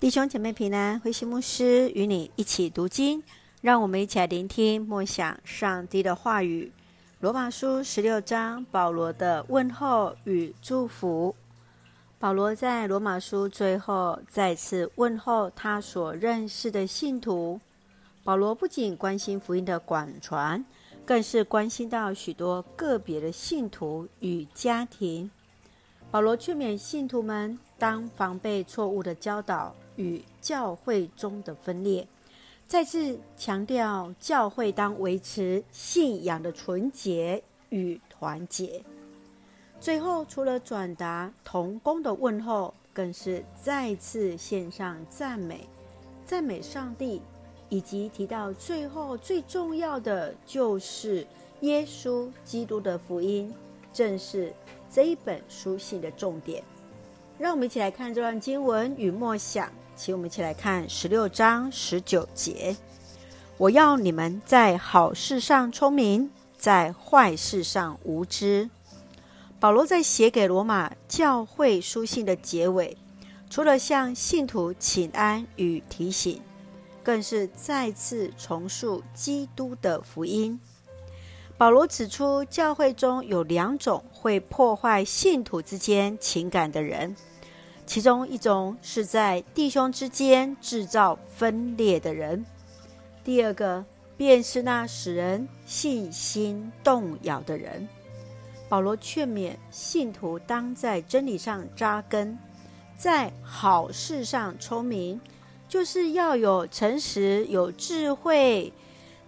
弟兄姐妹平安，慧馨牧師與你一起讀經，讓我們一起來聆聽默想上帝的話語。羅馬書十六章保羅的問候與祝福。保羅在羅馬書最後再次問候他所認識的信徒。保羅不僅關心福音的廣傳，更是關心到許多個別的信徒與家庭。保羅勸勉信徒們當防備錯誤的教導。與教會中的分裂，再次強調教會當維持信仰的純潔與團結。最後，除了轉達同工的問候，更是再次獻上讚美，讚美上帝，以及提到最後最重要的就是耶穌基督的福音，正是這一本書信的重點。讓我們一起來看這段經文與默想。請我們一起來看十六章十九節：“我要你們在好事上聰明，在壞事上無知。”保羅在寫給羅馬教會書信的結尾，除了向信徒請安與提醒，更是再次重述基督的福音。保羅指出，教會中有兩種會破壞信徒之間情感的人。其中一種是在弟兄之間製造分裂的人，第二個便是那使人信心動搖的人。保羅勸勉信徒當在真理上扎根，在好事上聰明，就是要有誠實、有智慧，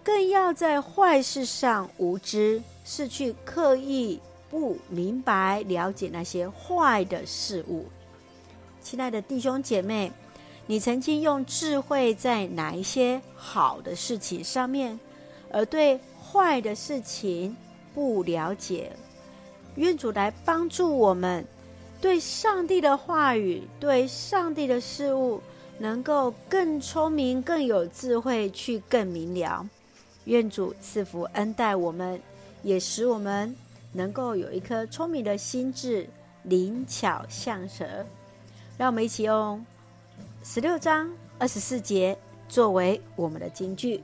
更要在壞事上無知，是去刻意不明白、了解那些壞的事物。親愛的弟兄姐妹，你曾經用智慧在哪一些好的事情上面，而對壞的事情不了解？願主來幫助我們，對上帝的話語、對上帝的事物，能夠更聰明、更有智慧去更明了。願主賜福恩待我們，也使我們能夠有一顆聰明的心智，靈巧像蛇。讓我們一起用十六章二十四節作為我們的金句。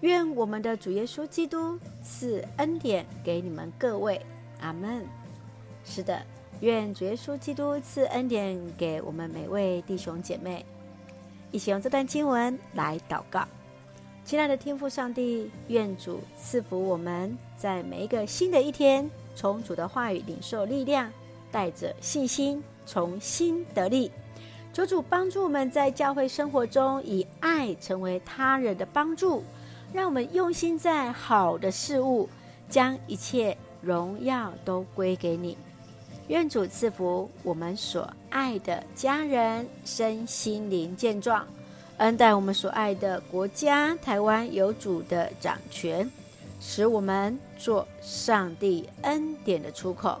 願我們的主耶穌基督賜恩典給你們各位，阿門。是的，願主耶穌基督賜恩典給我們每位弟兄姐妹。一起用這段經文來禱告，親愛的天父上帝，願主賜福我們，在每一個新的一天，從主的話語領受力量。帶着信心，重新得力，求主幫助我們，在教會生活中以愛成為他人的幫助，讓我們用心在好的事物，將一切榮耀都歸給你。願主賜福我們所愛的家人，身心靈健壯，恩待我們所愛的國家台灣，有主的掌權，使我們做上帝恩典的出口。